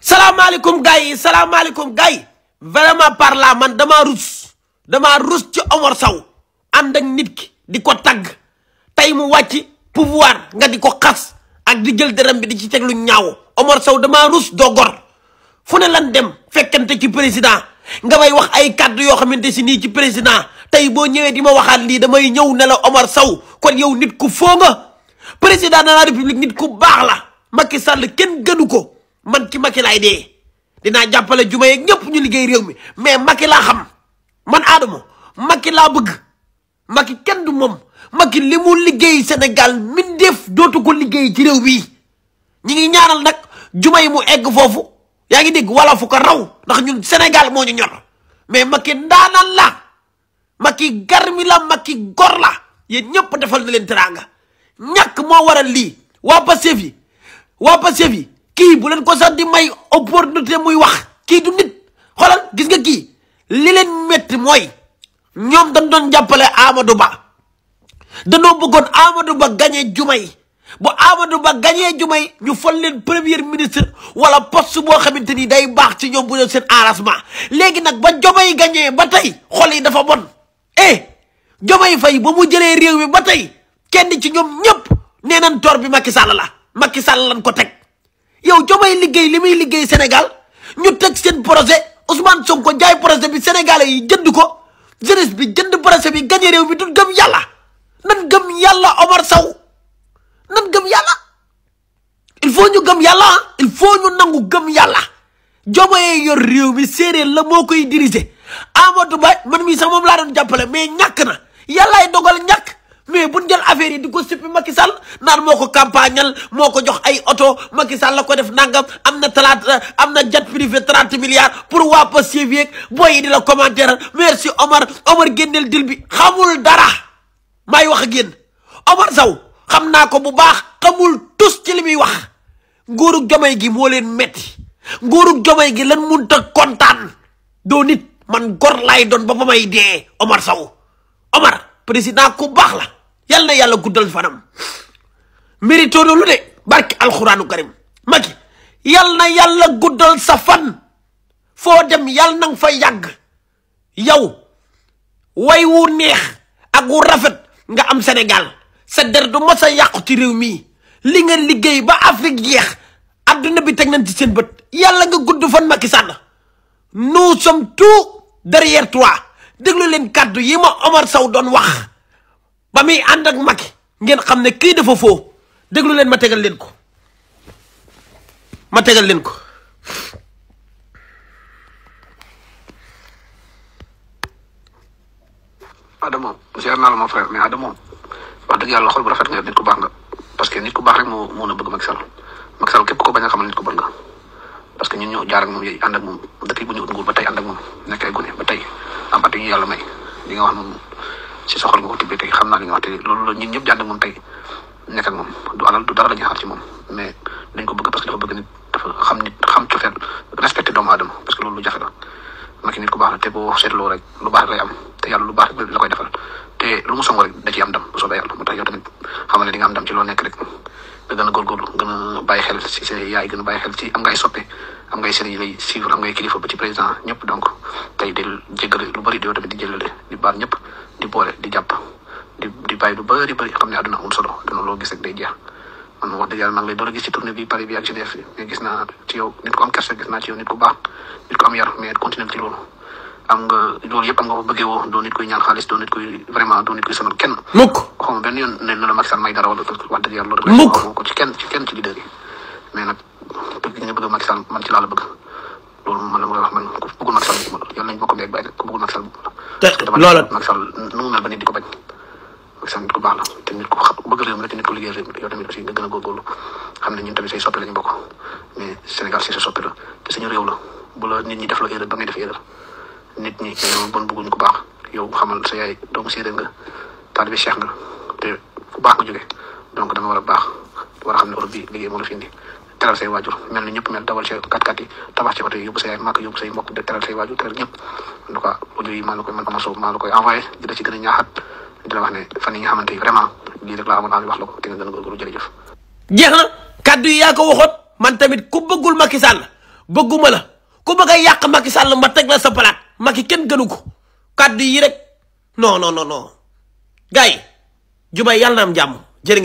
salaamaaleykum gars yi salaamaaleykum gars yi vraiment par là man damaa rus dama rus ci Omar saw ànd ak nit ki di ko tagg tey mu wàcc pouvoir nga di ko xas ak di jël dërëm bi di ci teg lu ñaaw Omar saw damaa rus doo fu ne lan dem fekkante ci président nga may wax ay kàddu yoo xamante si nii ci président tey boo ñëwee di ma waxaat lii damay ñëw ne la Omar Sow kon yow nit ku foo nga président de la république nit ku baax la Macky sàll kenn gënu ko man ki Macky laay dee dinaa jàppale juma yeeg ñëpp ñu liggéey réew mi mais Macky laa xam man Adamo Macky laa bëgg Macky kenn du moom Macky li liggéey senegal mindeef dootu liggéey ci réew bii ñi ngi ñaanal nag juma yi mu egg foofu yaa ngi dégg wala fu raw ndax ñun senegal moo ñu ñor mais Macky ndaanaan la Macky garmi la Macky gor la yéen ñëpp defal na leen teraanga ñàkk moo waral lii waa Pastef waa Pastef kii bu leen ko sax di may opportunité muy wax kii du nit xoolal gis nga kii li leen metti mooy ñoom dañ doon jàppale Amadou Ba danoo bëggoon Amadou Ba gañee jumay bu Amadou Ba gañee jumay ñu fal leen premier ministre wala poste boo xamante ni day baax ci ñoom bu doon seen arrangement léegi nag ba jomay gañee ba tey xol yi dafa bon eh jomay fay ba mu jëlee réew mi ba tey kenn ci ñoom ñëpp nee nañ tor bi Macky Sall la Macky Sall lañ ko teg yow yi liggéey li muy liggéey Sénégal ñu teg seen projet Ousmane ko jaay projet bi sénégalais yi jënd ko jeunesse bi jënd projet bi gagné réew mi du gëm yàlla nan gëm yàlla Omar saw nan gëm yàlla il faut ñu gëm yàlla il faut ñu nangu gëm yàlla Diomaye yor réew mi séeréer la moo koy diriger Amadou ma mën mii sax moom laa doon jàppale mais ñàkk na yàllaay dogal ñàkk mais bu jël affaire yi di ko sippi Macky Sall naan moo ko campagnal moo ko jox ay oto makisal la ko def nangam am na talaata am na jet privé 30 milliards pour waa Pastef yeeg booy yi di la commentaire merci Omar Omar génneel dil bi xamul dara maay wax ak yéen Omar Sow xam naa ko bu baax xamul tus ci li muy wax nguuru jomay gi moo leen metti nguuru jomay gi lan mun ta kontaan doo nit man gor laay doon ba ba may dee Omar saw Omar président ku baax la yal yàlla guddal fanam mérito lu de barki alxuraanu karim Macky yal na yàlla guddal sa fan foo dem yal na fa yàgg yow way wu neex ak wu rafet nga am senegal sa der du mos a yàqu ci réew mii li nga liggéey ba Afrique yeex adduna bi teg nañ ci seen bët yàlla nga gudd fan Macky Sall nous sommes tout derrière toi leen kàddu yi ma Omar saw doon wax ba muy ànd mag Macky ngeen xam ne kii dafa foo lu leen ma tegal leen ko ma tegal leen ko Adamo ziar naa la moom frère mais Adamo wax dëgg yàlla xol bu rafet nga nit ku baax nga parce que nit ku baax rek moo moo na bëgg Macky Sall Macky ko bañ a xamal nit ko bon nga parce que ñu ñoo jaar ak moom yooyu ànd ak moom dëkk bu ñu ut nguur ba tey ànd ak moom gune ba tey am at yu yàlla may li nga wax moom ci sa xol nga ko tibbee tey xam naa li nga wax te loolu la ñun ñëpp jànd moom tey nekk moom du alal du dara la xaar ci moom mais dañ ko bëgg parce que dafa bëgg nit xam nit xam cofeel respecté doomu aadama parce que loolu lu jafe la Macky ku baax la te boo seetloo rek lu baax lay am te yàlla lu baax la koy defal te lu mu song rek da ciy am dam bu soobee yàlla moo tax yow tamit a ne di nga am dam ci loo nekk rek nga gën a góorgóorlu gën a bàyyi xel ci sa yaay gën a bàyyi xel ci am ngay soppe am ngay sëriñ yi lay suivre am ngay kilifa ba président ñëpp donc tey di jéggale lu bëri di yow tamit di jëlale di baal ñëpp di boole di jàpp di di bàyyi lu bëri bëri xam ne àdduna amul solo dina loo gis rek day jeex man wax dëgg yàlla maa a gis ci tournée mais gis naa ci yow nit ku am kersa gis naa ci yow nit ku baax nit ku am yar mais continué ci loolu am nga loolu yëpp am nga ko bëggee woo doo nit koy ñaan xaalis doo nit koy vraiment doo nit koy sonal kenn. mukk xaw ma benn ne na la Macky may dara wax dëgg yàlla loolu. ko ci kenn bëgg Macky Sall man ci laa la bëgg loolu man la ma wax man ku bëggul Macky Sall yoon nañ a mbéy ku bëggul Macky Sall te loola Macky ba nit di ko bañ Macky Sall nit ku baax la te nit ku xam bëgg réew mi la te nit ku liggéey réew mi yow tamit aussi a góorgóorlu la te suñu réew la ñi def la erreur ba ngay def erreur nit ñi ñoo bon bëgguñu ko baax yow xamal sa yaay doomu séeréer nga taalibe Cheikh te fu baax nga jóge donc dama war a baax war a xam ne Europe bi liggéey moo la fi teral say waajur mel ni ñëpp mel dawal say kat-kat yi tabax ci oto yi yóbbu say ay màkk yóbbu say mbokk de teral say waajur teral ñëpp en tout yi maa la man a la ko te nga a góorgóorlu jërëjëf jeex na kaddu yi yaa tamit ku bëggul Macky Sall ku bëgg a yàq ma teg la sa kenn gënu ko kaddu yi rek non non non non gars yi jubay yàlla na am jàmm